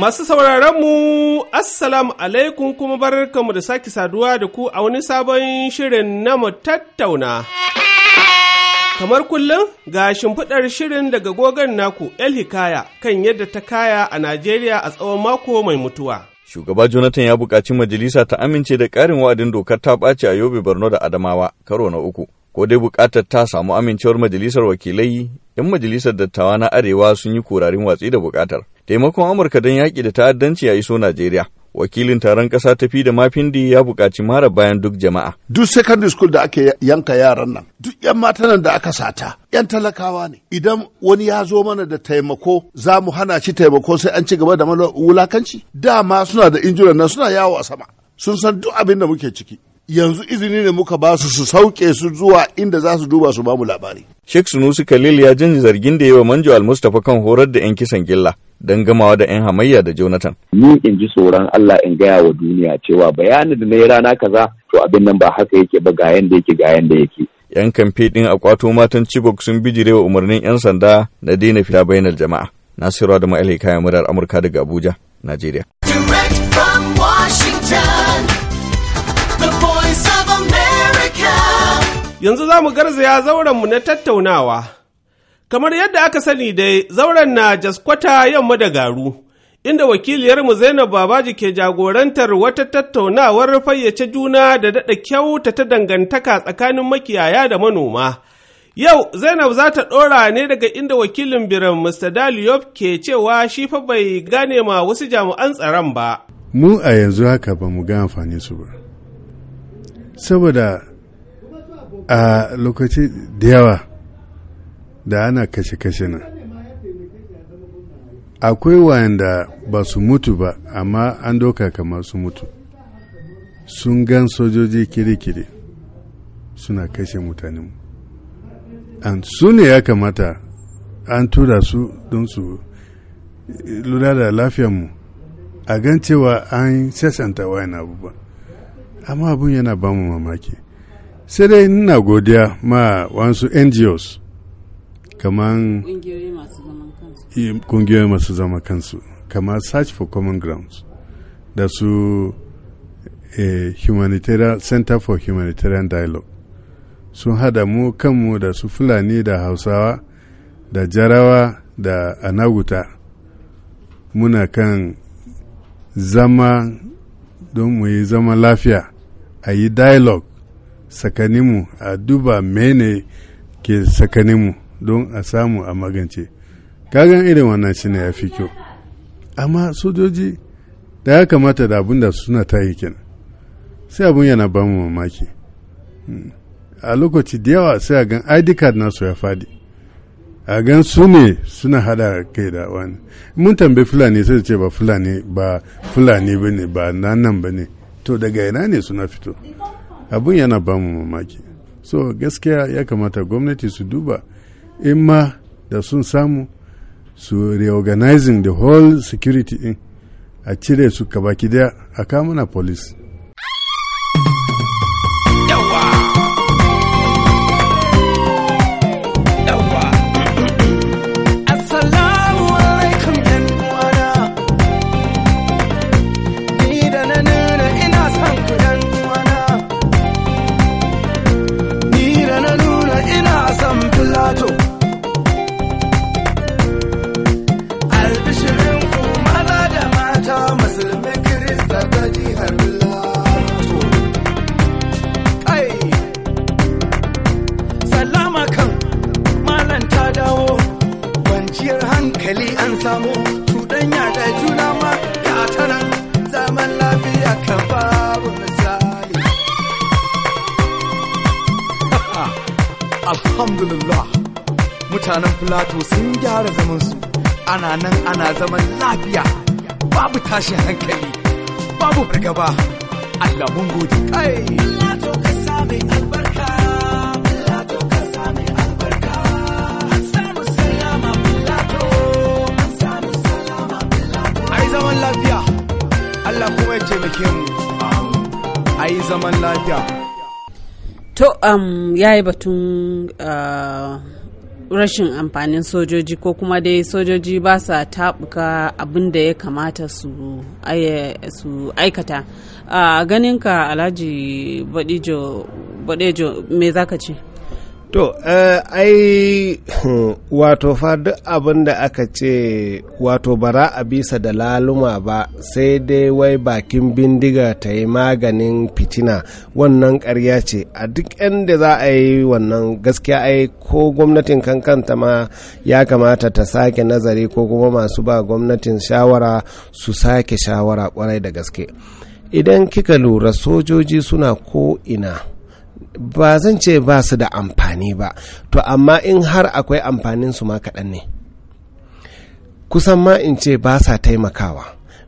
Masu mu Assalamu alaikum kuma barkanmu da sake saduwa da ku a wani sabon shirin na mu tattauna. Kamar kullum ga shimfiɗar shirin daga gogon naku El Hikaya kan yadda ta kaya a Najeriya a tsawon mako mai mutuwa. Shugaba Jonathan ya buƙaci majalisa ta amince da ƙarin wa'adin dokar ta ɓaci a Yobe Borno da Adamawa karo na uku. Ko dai buƙatar ta samu amincewar majalisar wakilai, 'yan majalisar dattawa na Arewa sun yi kurarin watsi da buƙatar. taimakon Amurka don yaƙi da ta'addanci ya iso Najeriya. Wakilin taron ƙasa ta fi da mafindi ya buƙaci mara bayan duk jama'a. Duk secondary school da ake yanka yaran nan, duk 'yan nan da aka sata, 'yan talakawa ne. Idan wani ya zo mana da taimako, za mu hana shi taimako sai an ci gaba da wulakanci. Dama suna da injuran nan suna yawo a sama. Sun san duk abin da muke ciki. yanzu izini ne muka ba su su sauke su zuwa inda za su duba su ba mu labari. Sheikh Sunusi Khalil ya jin zargin da yawa Manjo Al-Mustapha kan horar da 'yan kisan gilla don gamawa da 'yan hamayya da Jonathan. Ni in ji tsoron Allah in gaya wa duniya cewa bayanin da na yi rana kaza to abin nan ba haka yake ba ga yanda yake ga yanda yake. 'Yan kamfe ɗin a kwato matan Chibok sun bijirewa umarnin 'yan sanda na daina fita bayanar jama'a. Nasiru da Alhikaya murar Amurka daga Abuja, Najeriya. Yanzu za mu garzaya zaurenmu na tattaunawa. Kamar yadda aka sani dai, zauren na jaskwata yamma da garu, inda wakiliyarmu Zainab Babaji ke jagorantar wata tattaunawar fayyace juna da daɗa kyauta ta dangantaka tsakanin makiyaya da manoma. Yau Zainab za ta ɗora ne daga inda wakilin biran Mr. Daliop ke cewa shi fa bai gane ma wasu jami'an tsaron ba. Mu a yanzu haka ba mu ga amfani su ba. Saboda a lokaci da yawa da ana kashe-kashe nan akwai wayanda ba su mutu ba amma an doka kamar su mutu sun gan sojoji kiri-kiri suna kashe mutanenmu an su ne ya kamata an tura su don su lura da lafiyanmu a gan cewa an sasanta wayan abubuwa amma abun yana bamu mamaki sai dai ina godiya ma wasu ngos kamar kungiyoyi masu zama kansu kamar search for common grounds da su eh, humanitarian center for humanitarian dialogue sun hada mu kanmu da su fulani da hausawa da jarawa da anaguta muna kan zama don mu yi zama lafiya a yi dialogue sakaninmu a duba mene ke sakaninmu don a samu a magance kagan irin wannan shi ne ya fi kyau amma sojoji da ya kamata da abin da suna ta yi kenan sai abin yana ba mu mamaki hmm. a lokaci da yawa sai a gan id card nasu ya fadi a gan su ne suna hada kai da wani mun tambayi fulani sai ce ba fulani ba fulani ba ne ba nan ba ne to daga ina ne suna fito abin yana ba mu mamaki so gaskiya ya kamata gwamnati su duba in ma da sun samu su reorganizing the whole security in a cire su kabaki daya a kamuna police cuɗanya da juna ma ya zaman lafiya kan babu misali. Alhamdulillah mutanen Filato sun gyara zamansu ana nan ana zaman lafiya babu tashin hankali babu fargaba Allah mun gode. kai. Filato ka same Allah kuma ya taimake mu a yi zaman lafiya to um, ya yi batun uh, rashin amfanin sojoji ko kuma dai sojoji ba sa taɓuka abin da ya kamata su aikata a uh, ganinka alhaji badejo me za ka ce To, eh, ai, wato fa duk abin da aka ce wato bara a bisa da laluma ba sai dai wai bakin bindiga ta yi maganin fitina wannan karya ce a duk inda za a yi wannan gaskiya ai ko gwamnatin kankanta ma ya kamata ta sake nazari ko kuma masu ba gwamnatin shawara su sake shawara kwarai da gaske. Idan kika lura sojoji suna ko ina. ba zan ce ba su da amfani ba to amma in har akwai amfanin su ma kaɗan ne kusan ma in ce ba sa taimakawa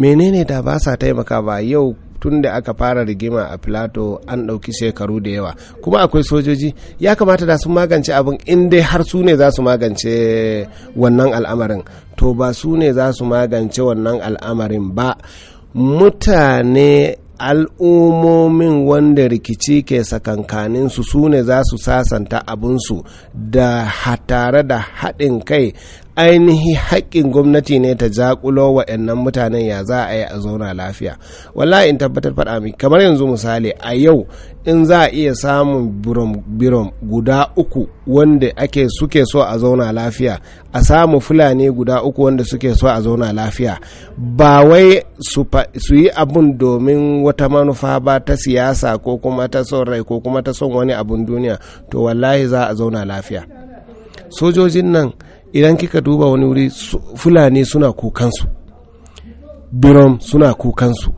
menene da ba sa taimakawa yau tun da aka fara rigima a filato an ɗauki shekaru da yawa kuma akwai sojoji ya kamata da su magance abin in dai har su ne za su magance wannan al'amarin to ba su ne za su magance wannan al'amarin ba mutane al'ummomin wanda rikici ke sakankaninsu su ne za su sasanta abinsu da tare da haɗin kai ainihi haƙƙin gwamnati ne ta zakulo waɗannan mutanen ya za a yi a zauna lafiya wallahi in tabbatar faɗa mi kamar yanzu misali a yau in za a iya samun birom guda uku wanda ake suke so a zauna lafiya a samu fulani guda uku wanda suke so a zauna lafiya ba wai su yi abun domin wata manufa ba ta siyasa ko kuma ta son rai ko kuma ta son wani abun duniya to wallahi za a zauna lafiya sojojin nan idan kika duba wani wuri fulani suna kukansu birom suna kukansu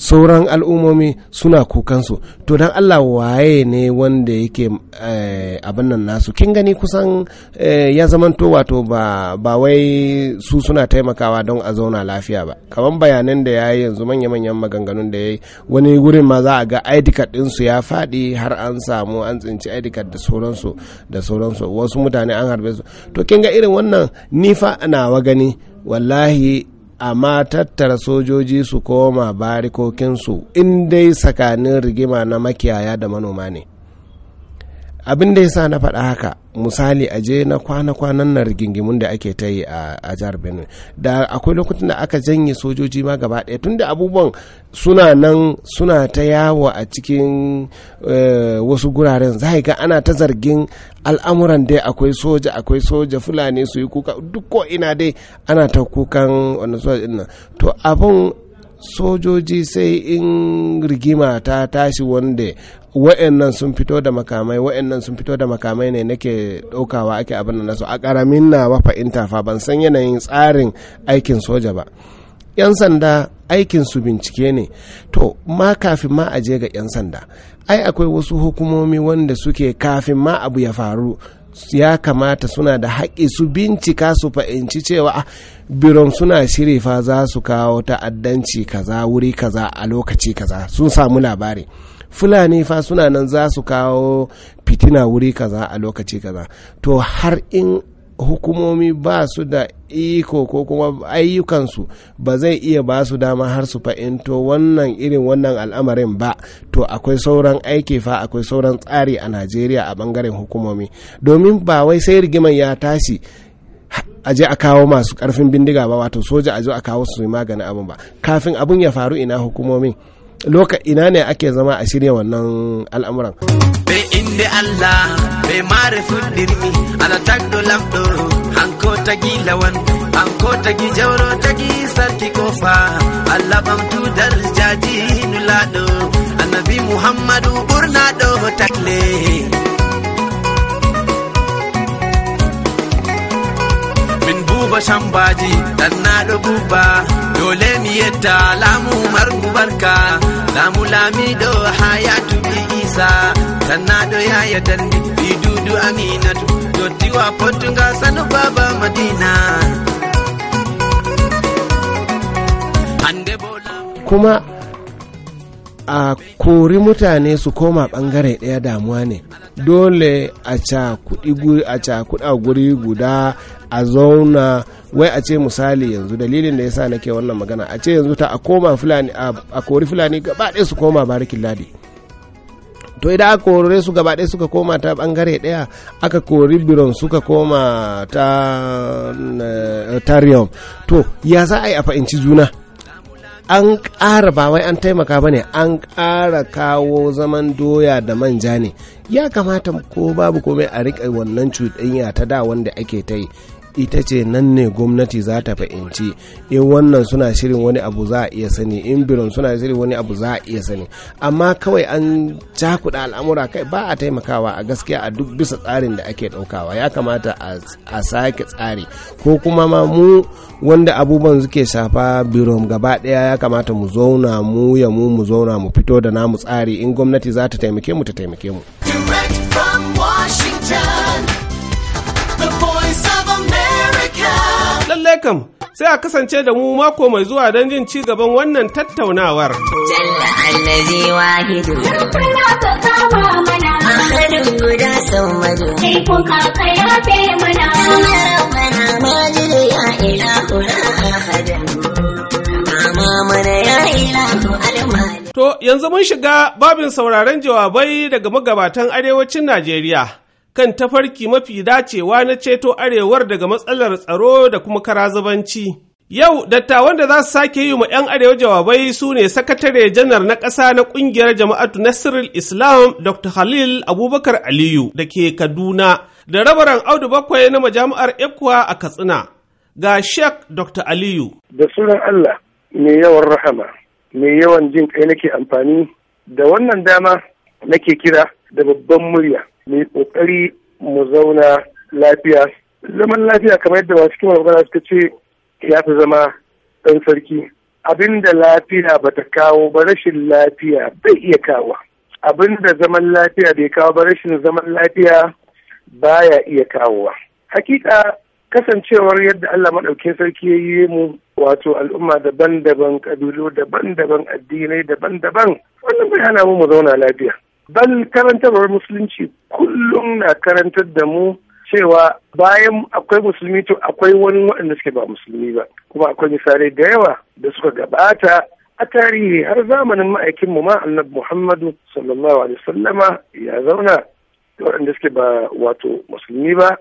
sauran al'ummomi suna kukansu to don allah waye ne wanda yake eh, abin nan nasu kin gani kusan eh, ya zamanto wato ba wai su suna taimakawa don a zauna lafiya ba kamar bayanan da ya yi yanzu manya-manyan maganganun da ya yi wani wurin ma za a ga aidikat ɗinsu ya faɗi har an samu an tsinci aidikat da sauransu da sauransu wasu mutane an harbe su to kin ga irin wannan nifa nawa gani wallahi amma tattara sojoji su koma barikokinsu in dai tsakanin rigima na makiyaya da manoma ne abin da ya sa na faɗa haka misali a je na kwana-kwanan na rigingimun da ake ta yi a jihar benin da akwai lokutan da aka janye sojoji ma gaba ɗaya tunda abubuwan suna nan suna ta yawo a cikin eh, wasu guraren za ga ana ta zargin al'amuran dai akwai soja akwai soja fulani su yi kuka duk ko ina dai ana ta kukan wannan soja to abin sojoji sai in rigima ta tashi wanda wa'annan sun fito da makamai wa'annan sun fito da makamai ne nake ɗaukawa ake abin da nasu a ƙaramin na wafa intafa ban san yanayin tsarin aikin soja ba 'yan sanda aikin su bincike ne to ma kafin ma a je ga 'yan sanda ai akwai wasu hukumomi wanda suke kafin ma abu ya faru ya kamata suna da haƙƙi su bincika su fahimci cewa ah, biron suna shiri fa za su kawo ta'addanci kaza wuri kaza a lokaci kaza sun samu labari fulani fa suna nan za su kawo fitina wuri kaza a lokaci kaza to har in hukumomi ba su da iko ko kuma ayyukansu ba zai iya ba su dama har su fa'into wannan irin wannan al'amarin ba to akwai sauran aiki fa akwai sauran tsari a najeriya a bangaren hukumomi domin ba wai sai rigiman ya tashi a je a kawo masu karfin bindiga ba wato soja a zo a kawo su magani abin ba kafin abin ya faru ina hukumomin loka ina ne ake zama a shirya wannan al'amuran be inde allah be mare fudirmi ala tagdo lamdo hanko tagi lawan hanko tagi jawro tagi sarki kofa allah bamtu dal jaji nulado annabi muhammadu burna do takle min buba shambaji dan na do buba dole mi yadda lamu margu barka lamu lami do hayatu bi isa sanna do ya yadda ni dudu aminatu do tiwa potunga sanu baba madina kuma a kori mutane su koma bangare daya damuwa ne dole a cakuɗa guri guda a zauna wai a ce misali yanzu dalilin da yasa nake wannan magana a ce yanzu ta a koma fulani a kori fulani gaba ɗaya su koma barikin ladi to idan aka kore su gaba ɗaya suka koma ta bangare ɗaya aka kori biron suka koma ta eh, tarion to ya za a yi a fahimci juna an ƙara ba wai an taimaka ba ne an ƙara kawo zaman doya da manja ne ya kamata ko babu komai a riƙe wannan cuɗanya ta da wanda ake ta yi ita ce nan ne gwamnati za ta fahimci in wannan suna shirin wani abu za a iya sani in biron suna shirin wani abu za a iya sani amma kawai an cakuɗa al'amura kai ba a taimakawa a gaskiya a duk bisa tsarin da ake ɗaukawa ya kamata a sake tsari ko kuma ma mu wanda abubuwan suke shafa biron gaba ɗaya ya kamata mu zauna mu ya mu mu zauna mu fito da namu tsari in gwamnati za ta taimake mu ta taimake mu. kam sai a kasance da mu mako mai zuwa don jin ci gaban wannan tattaunawar. Jalla allazi wahidu. To yanzu mun shiga babin sauraron jawabai daga magabatan arewacin Najeriya. kan tafarki mafi dacewa na ceto arewar daga matsalar tsaro da kuma karazabanci. Yau, dattawan da za su sake yi ma 'yan arewa jawabai su ne sakatare janar na ƙasa na ƙungiyar jama'atu Nasirul Islam Dr. Halil Abubakar Aliyu da ke Kaduna da rabaran Audu Bakwai na majami'ar Ekwa a Katsina. Ga Sheikh Dr. Aliyu. Da sunan Allah mai yawan rahama, mai yawan jin kai nake amfani da wannan dama nake kira da babban murya Mai kokari mu zauna lafiya zaman lafiya kamar yadda masu kimar magana suka ce ya fi zama ɗan sarki Abinda lafiya ba ta kawo ba rashin lafiya bai iya kawo Abinda zaman lafiya bai kawo ba rashin zaman lafiya baya iya kawowa hakika kasancewar yadda Allah maɗaukin sarki ya yi mu wato al'umma daban-daban ƙabilu daban-daban addinai daban-daban wannan bai hana mu mu zauna lafiya bal karantarwar musulunci kullum na karantar da mu cewa bayan akwai musulmi to akwai wani waɗanda suke ba musulmi ba kuma akwai misali da yawa da suka gabata a tarihi har zamanin ma'aikin mu ma muhammadu sallallahu alaihi sallama ya zauna da waɗanda suke ba wato musulmi ba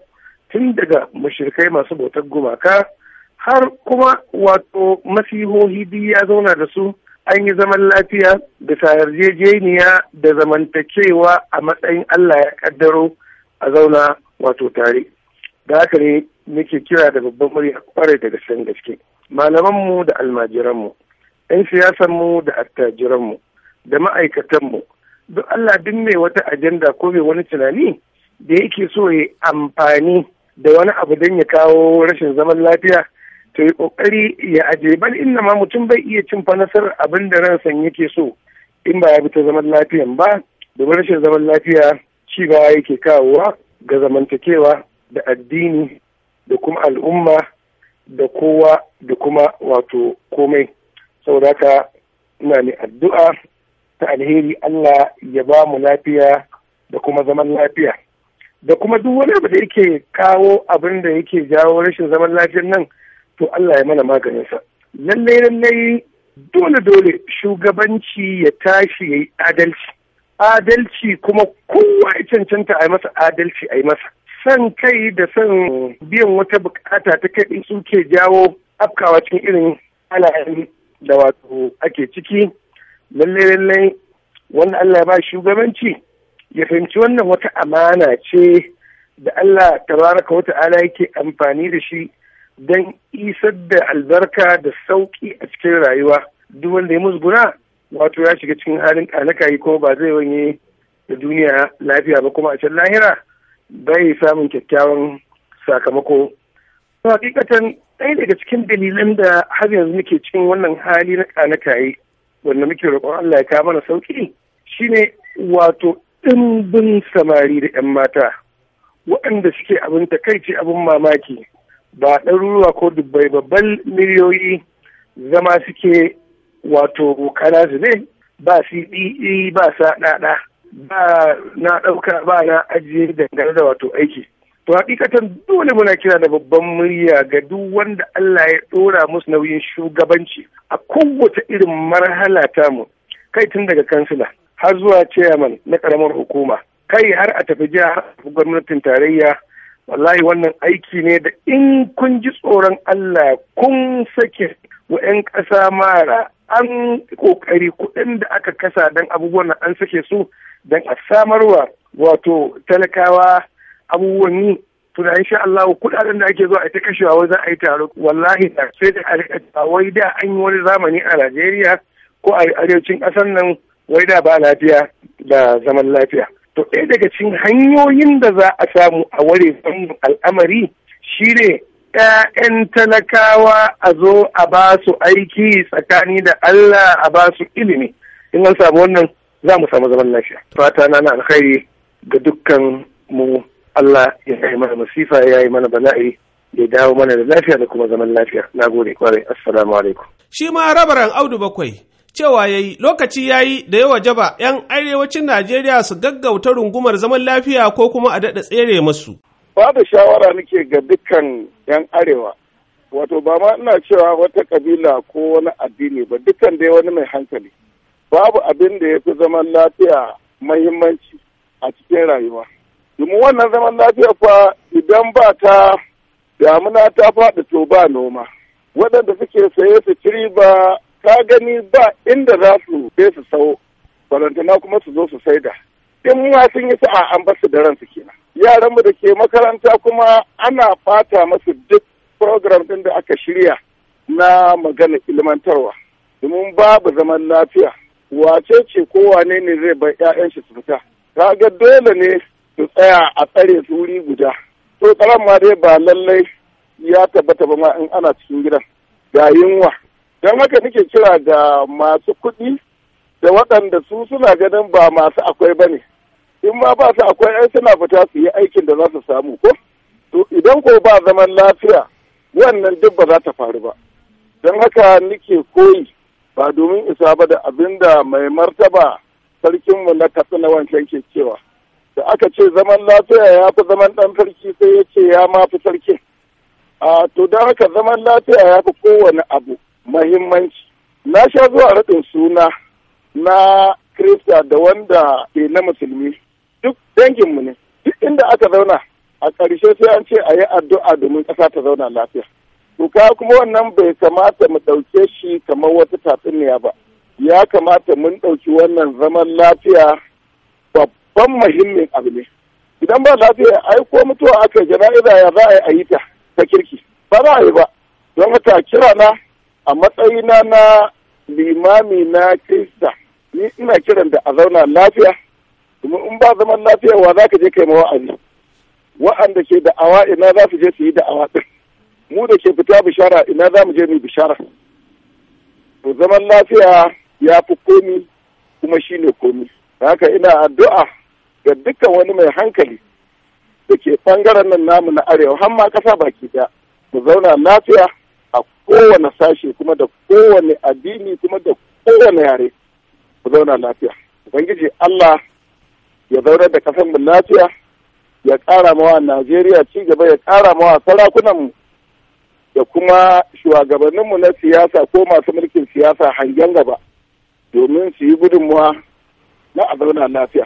tun daga mashirkai masu bautar gumaka har kuma wato masihohi biyu ya zauna da su an yi zaman lafiya da yarjejeniya da zamantakewa a matsayin Allah ya kaddaro a zauna wato tare da haka ne muke kira da babban murya kware da gaske gaske malamanmu da almajiranmu 'yan siyasanmu da attajiranmu da ma'aikatanmu duk Allah duk mai wata ajanda ko mai wani tunani da yake so ya amfani da wani abu don ya kawo rashin zaman lafiya ta yi kokari ya ajiye. bal inna ma mutum bai iya cin fa nasar abin da ransan yake so in ba ya bi ta zaman lafiyan ba domin rashin zaman lafiya ci ba yake kawowa ga zamantakewa da addini da kuma al'umma da kowa da kuma wato komai saboda haka ina mai addu'a ta alheri Allah ya ba mu lafiya da kuma zaman lafiya da kuma duk wani abu da yake kawo abin da yake jawo rashin zaman lafiyan nan to Allah ya mana maganinsa lallai lallai dole dole shugabanci ya tashi ya yi adalci adalci kuma kowa ya cancanta a yi masa adalci a yi masa san kai da san biyan wata bukata ta kai su ke jawo afkawa cikin irin halayen da wato ake ciki lallai lallai wanda Allah ya ba shugabanci ya fahimci wannan wata amana ce da Allah ta tabaraka wata ala yake amfani da shi don isar da albarka da sauƙi a cikin rayuwa duk wanda ya musguna wato ya shiga cikin halin ɗanakayi kuma ba zai wanye da duniya lafiya ba kuma a can lahira bai samun kyakkyawan sakamako. hakikatan ɗaya daga cikin dalilan da har yanzu muke cikin wannan hali na ƙanakaye wanda muke roƙon Allah ya kawo mana sauƙi shine wato ɗimbin samari da 'yan mata waɗanda suke abin takaici abin mamaki ba ɗaruruwa ko dubbai babban miliyoyi zama suke wato kana zube ba cde ba sa ɗaɗa ba na ɗauka ba na ajiye dangane da wato aiki to hakikatan dole muna kira da babban murya ga duk wanda Allah ya ɗora musu nauyin shugabanci a kowace irin marhala mu, kai tun daga kansila har zuwa chairman na ƙaramar hukuma kai har a tafi jiha gwamnatin tarayya wallahi wannan aiki ne da in kun ji tsoron Allah kun sake wa 'yan ƙasa mara an ƙoƙari kuɗin da aka kasa don abubuwan nan an sake su don a samarwa wato talakawa abubuwan yi tuna insha Allah kuɗaɗen da ake zuwa a ta kashewa wai za a yi taro wallahi da sai da a wai da an yi wani zamani a Najeriya ko a arewacin ƙasar nan wai da ba lafiya da zaman lafiya. to ɗaya daga cikin hanyoyin da za a samu a ware wannan al'amari shi ne ‘ya'yan talakawa a zo a ba su aiki tsakani da Allah a ba su ilimi in an samu wannan za mu samu zaman lafiya fata na na alkhairi ga dukkan mu Allah ya yi mana masifa ya yi mana bala'i ya dawo mana da lafiya da kuma zaman lafiya na gode kwarai assalamu alaikum shi ma rabaran audu bakwai cewa ya yi lokaci ya yi da yawa jaba 'yan arewacin Najeriya su gaggauta rungumar zaman lafiya ko kuma a daɗa tsere masu. Ba da shawara nake ga dukkan 'yan arewa. Wato ba ma ina cewa wata kabila ko wani addini ba dukkan dai wani mai hankali. Babu abin da ya fi zaman lafiya mahimmanci a cikin rayuwa. Domin wannan zaman lafiya fa idan ba ta damuna ta faɗi to ba noma. Waɗanda suke saye su ciri ba. ka gani ba inda za su je su sau barantana kuma su zo su saida in ma sun yi sa'a an basu da ransu kenan yaran mu da ke makaranta kuma ana fata masu duk program din da aka shirya na magana ilmantarwa domin babu zaman lafiya wace ce ko wane ne zai bar 'ya'yan shi su fita ga dole ne su tsaya a tsare su wuri guda to tsaron ma dai ba lallai ya tabbata ba ma in ana cikin gidan ga yunwa don haka nake kira ga masu kuɗi da waɗanda su suna ganin ba masu akwai ba ne in ma ba su akwai ai suna fita su yi aikin da za su samu ko to idan ko ba zaman lafiya wannan duk ba za ta faru ba don haka nake koyi ba domin isa ba da abin da mai martaba sarkinmu na katsina wancan ke cewa da aka ce zaman lafiya ya fi zaman ɗan sarki sai ya ce ya ma fi sarkin a to don haka zaman lafiya ya fi kowane abu mahimmanci na sha zuwa raɗin suna na Kirista da wanda ke na musulmi duk danginmu ne duk inda aka zauna a ƙarshe sai an ce a yi addu'a domin ƙasa ta zauna lafiya. Duka kuma wannan bai kamata mu ɗauke shi kamar wata tatsuniya ba. Ya kamata mun ɗauki wannan zaman lafiya babban muhimmin abu ne. Idan ba lafiya ai ko mutuwa aka jana'iza ya za a yi ta ta kirki. Ba za a yi ba. Don haka kira na a matsayina na limami na kirista ni ina kiran da a zauna lafiya domin in ba zaman lafiya wa za ka je kai wa'azi wa'anda ke da'awa ina za su je su yi da'awa din mu da ke fita bishara ina za mu je mu bishara to zaman lafiya ya fi komi kuma shi ne komi haka ina addu'a ga dukkan wani mai hankali da ke ɓangaren nan namu na arewa har ma kasa baki ɗaya mu zauna lafiya a kowane sashe kuma da kowane addini kuma da kowane yare ku zauna lafiya ubangiji Allah ya zaunar da kasan mu lafiya ya kara mawa Najeriya ci gaba ya kara mawa sarakunanmu da kuma shugabanninmu na siyasa ko masu mulkin siyasa hangen gaba domin su yi gudunmuwa na a zauna lafiya.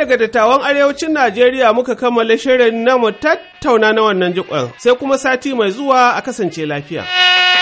daga dattawan arewacin Najeriya muka kammala shirin namu tattauna na wannan jikon sai kuma sati mai zuwa a kasance lafiya.